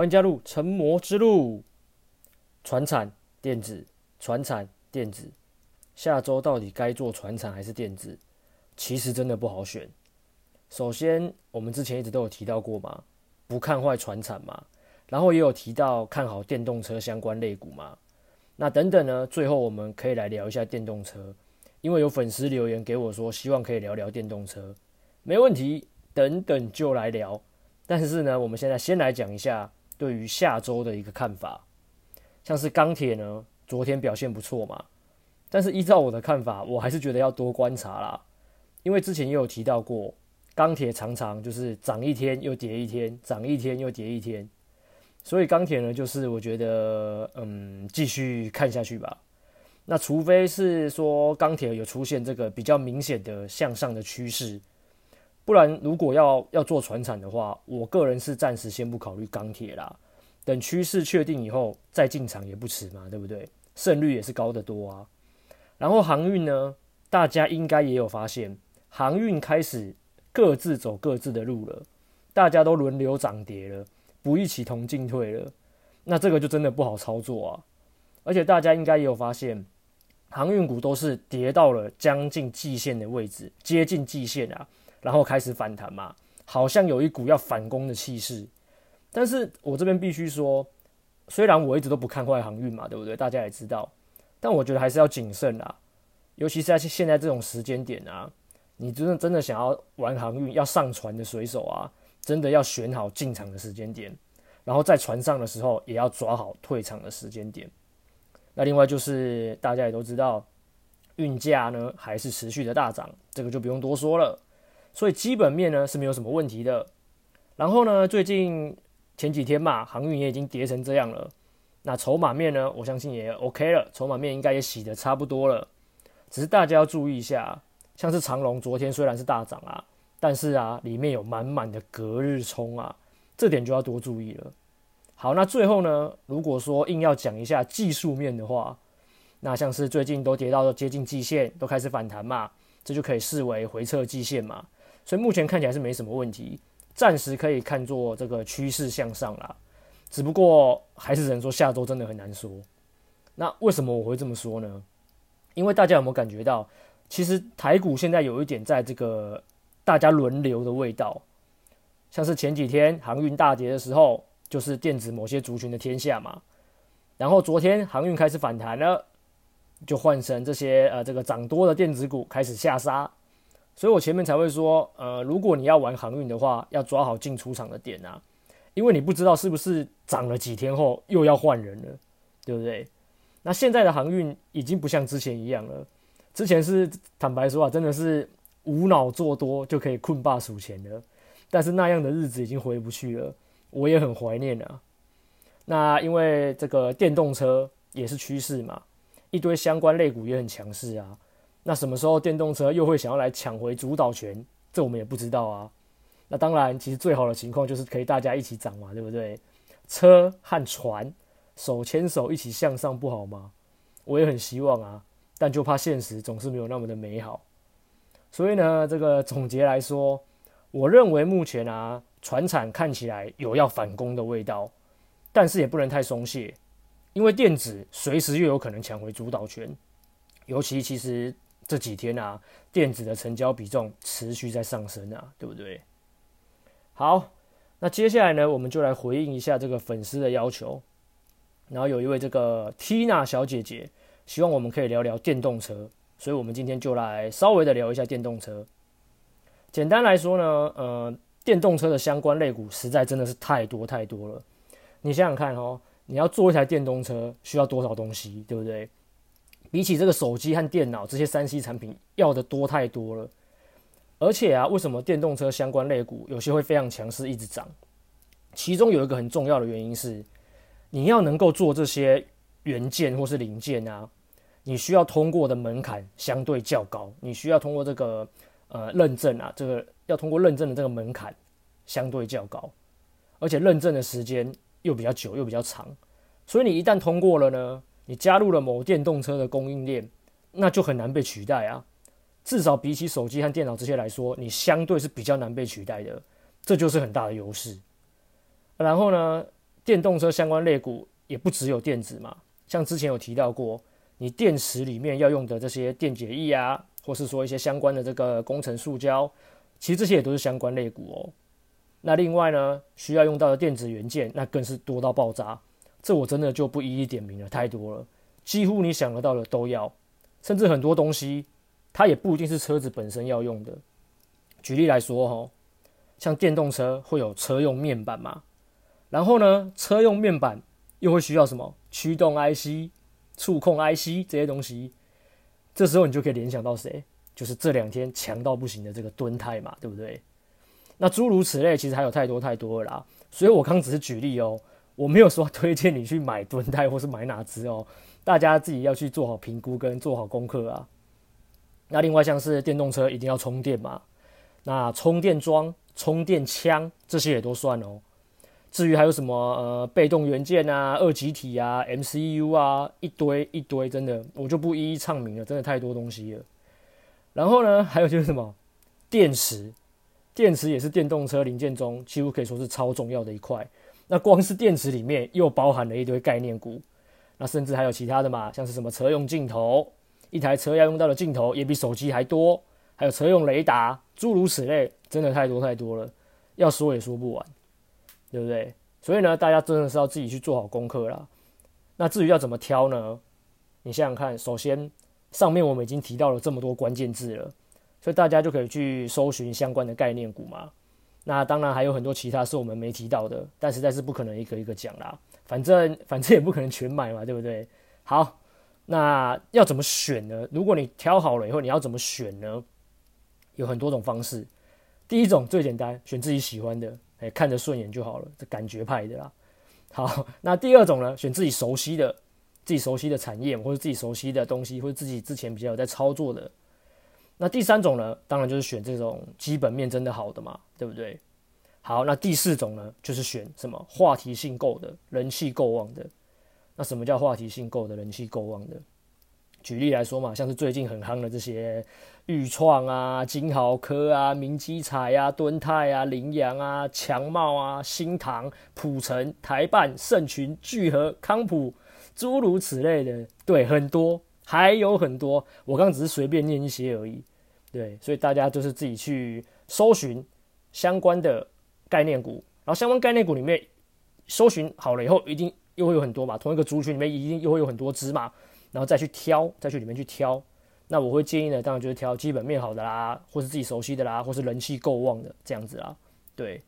歡迎加入成魔之路船，傳產電子，傳產電子，下周到底該做傳產還是電子？其實真的不好選。首先，我們之前一直都有提到過嘛，不看壞傳產嘛，然後也有提到看好電動車相關類股嘛。那等等呢？最後我們可以來聊一下電動車，因為有粉絲留言給我說，希望可以聊聊電動車，沒問題。等等就來聊。但是呢，我們現在先來講一下。對於下周的一個看法，像是鋼鐵呢，昨天表現不錯嘛，但是依照我的看法，我還是覺得要多觀察啦，因為之前也有提到過，鋼鐵常常就是漲一天又跌一天，漲一天又跌一天，所以鋼鐵呢，就是我覺得，嗯，繼續看下去吧，那除非是說鋼鐵有出現這個比較明顯的向上的趨勢。不然，如果要要做傳產的話，我個人是暫時先不考慮鋼鐵啦。等趨勢確定以後再進場也不遲嘛，對不對？勝率也是高得多啊。然後航運呢，大家應該也有發現，航運開始各自走各自的路了，大家都輪流漲跌了，不一起同進退了。那這個就真的不好操作啊。而且大家應該也有發現，航運股都是跌到了將近季線的位置，接近季線啊。然後開始反彈嘛，好像有一股要反攻的氣勢。但是我這邊必須說，雖然我一直都不看壞航運嘛，對不對？大家也知道，但我覺得還是要謹慎啦。尤其是在現在這種時間點啊，你真的真的想要玩航運，要上船的水手啊，真的要選好進場的時間點，然後在船上的時候也要抓好退場的時間點。那另外就是大家也都知道，運價呢還是持續的大漲，這個就不用多說了。所以基本面呢是沒有什麼問題的，然後呢，最近前幾天嘛，航運也已經跌成這樣了。那籌碼面呢，我相信也 OK 了，籌碼面應該也洗得差不多了。只是大家要注意一下，像是長龍昨天雖然是大漲啊，但是啊裡面有滿滿的隔日衝啊，這點就要多注意了。好，那最後呢，如果說硬要講一下技術面的話，那像是最近都跌到接近季線，都開始反彈嘛，這就可以視為回撤季線嘛。所以目前看起來是沒什麼問題，暫時可以看作這個趨勢向上啦。只不過還是只能說下周真的很難說。那為什麼我會這麼說呢？因為大家有沒有感覺到，其實台股現在有一點在這個大家輪流的味道。像是前幾天航運大跌的時候，就是電子某些族群的天下嘛。然後昨天航運開始反彈了，就換成這些呃這個漲多的電子股開始下殺。所以我前面才會說，呃，如果你要玩航運的話，要抓好進出場的點啊，因為你不知道是不是漲了幾天後又要換人了，對不對？那現在的航運已經不像之前一樣了，之前是坦白說啊，真的是無腦做多就可以困霸數錢了，但是那樣的日子已經回不去了，我也很懷念啊。那因為這個電動車也是趨勢嘛，一堆相關類股也很強勢啊。那什麼時候電動車又會想要來搶回主導權？這我們也不知道啊。那當然，其實最好的情況就是可以大家一起漲嘛，對不對？車和船手牽手一起向上，不好嗎？我也很希望啊，但就怕現實總是沒有那麼的美好。所以呢，這個總結來說，我認為目前啊，船產看起來有要反攻的味道，但是也不能太鬆懈，因為電子隨時又有可能搶回主導權，尤其其實。這幾天啊，電子的成交比重持續在上升啊，對不對？好，那接下來呢，我們就來回應一下這個粉絲的要求。然後有一位這個 Tina 小姐姐，希望我們可以聊聊電動車，所以我們今天就來稍微的聊一下電動車。簡單來說呢，呃，電動車的相關類股實在真的是太多太多了。你想想看哦，你要做一台電動車需要多少東西，對不對？比起這個手機和電腦這些三 C 產品要的多太多了，而且啊，為什麼電動車相關類股有些會非常強勢一直漲？其中有一個很重要的原因，是你要能夠做這些元件或是零件啊，你需要通過的門檻相對較高，你需要通過這個呃認證啊，這個要通過認證的這個門檻相對較高，而且認證的時間又比較久又比較長，所以你一旦通過了呢？你加入了某電動車的供應鏈，那就很難被取代啊。至少比起手機和電腦這些來說，你相對是比較難被取代的，這就是很大的優勢。然後呢，電動車相關類股也不只有電子嘛，像之前有提到過，你電池裡面要用的這些電解液啊，或是說一些相關的這個工程塑膠，其實這些也都是相關類股哦。那另外呢，需要用到的電子元件，那更是多到爆炸。這我真的就不一一點名了，太多了，幾乎你想得到的都要，甚至很多東西它也不一定是車子本身要用的。舉例來說，哦，哈，像電動車會有車用面板嘛，然後呢，車用面板又會需要什麼驅動 IC、觸控 IC 這些東西？這時候你就可以聯想到誰？就是這兩天強到不行的這個敦泰嘛，對不對？那諸如此類，其實還有太多太多了啦。所以我剛只是舉例哦。我沒有說推薦你去買蹲胎，或是買哪只哦，大家自己要去做好評估跟做好功課啊。那另外像是電動車一定要充電嘛，那充電樁、充電槍這些也都算哦。至於還有什麼呃被動元件啊、二極體啊、MCU 啊一堆一堆、一堆，真的我就不一一唱名了，真的太多東西了。然後呢，還有就是什麼電池，電池也是電動車零件中幾乎可以說是超重要的一塊。那光是電池裡面又包含了一堆概念股，那甚至還有其他的嘛，像是什麼車用鏡頭，一台車要用到的鏡頭也比手機還多，還有車用雷達，諸如此類，真的太多太多了，要說也說不完，對不對？所以呢，大家真的是要自己去做好功課啦。那至於要怎麼挑呢？你想想看，首先上面我們已經提到了這麼多關鍵字了，所以大家就可以去搜尋相關的概念股嘛。那當然還有很多其他是我們沒提到的，但實在是不可能一個一個講啦。反正反正也不可能全買嘛，對不對？好，那要怎麼選呢？如果你挑好了以後，你要怎麼選呢？有很多種方式。第一種最簡單，選自己喜歡的，哎、欸，看着順眼就好了，這感覺派的啦。好，那第二種呢，選自己熟悉的，自己熟悉的產業或者自己熟悉的東西，或者自己之前比較有在操作的。那第三種呢，當然就是選這種基本面真的好的嘛，對不對？好，那第四種呢，就是選什麼話題性夠的、人氣夠旺的。那什麼叫話題性夠的、人氣夠旺的？舉例來說嘛，像是最近很夯的這些鈺創啊、晶豪科啊、明基材啊、敦泰啊、凌陽啊、強茂啊、新唐、普誠、台半、盛群、聚合、康普，諸如此類的，對，很多。還有很多，我剛剛只是隨便念一些而已，對，所以大家就是自己去搜尋相關的概念股，然後相關概念股裡面搜尋好了以後，一定又會有很多嘛，同一個族群裡面一定又會有很多隻嘛，然後再去挑，再去裡面去挑。那我會建議呢，當然就是挑基本面好的啦，或是自己熟悉的啦，或是人氣夠旺的這樣子啦，對。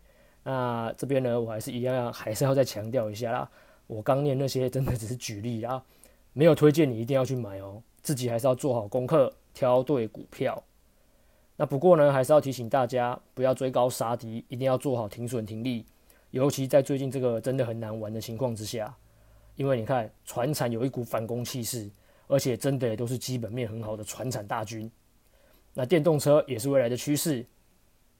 那這邊呢，我還是一樣樣，還是要再強調一下啦，我剛念那些真的只是舉例啊。沒有推薦你一定要去買哦，自己還是要做好功課，挑對股票。那不過呢，還是要提醒大家不要追高殺跌，一定要做好停損停利，尤其在最近這個真的很難玩的情況之下。因為你看，船產有一股反攻氣勢，而且真的也都是基本面很好的船產大軍。那電動車也是未來的趨勢，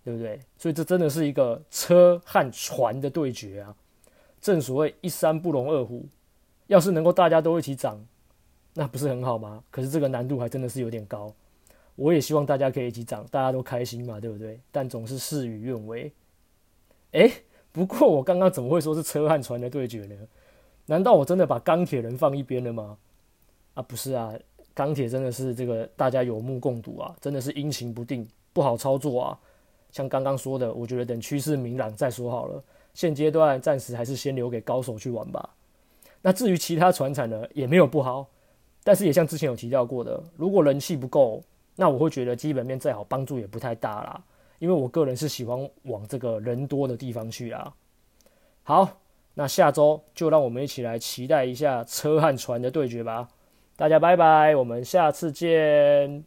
對不對？所以這真的是一個車和船的對決啊！正所謂一山不容二虎。要是能夠大家都一起漲，那不是很好嗎？可是這個難度還真的是有點高。我也希望大家可以一起漲，大家都開心嘛，對不對？但總是事與願違。哎、欸，不過我剛剛怎麼會說是車和船的對決呢？難道我真的把鋼鐵人放一邊了嗎？啊，不是啊，鋼鐵真的是這個大家有目共睹啊，真的是陰晴不定，不好操作啊。像剛剛說的，我覺得等趨勢明朗再說好了。現階段暫時還是先留給高手去玩吧。那至於其他船產呢，也沒有不好，但是也像之前有提到過的，如果人氣不夠，那我會覺得基本面再好，幫助也不太大啦。因為我個人是喜歡往這個人多的地方去啦。好，那下周就讓我們一起來期待一下車和船的對決吧。大家拜拜，我們下次見。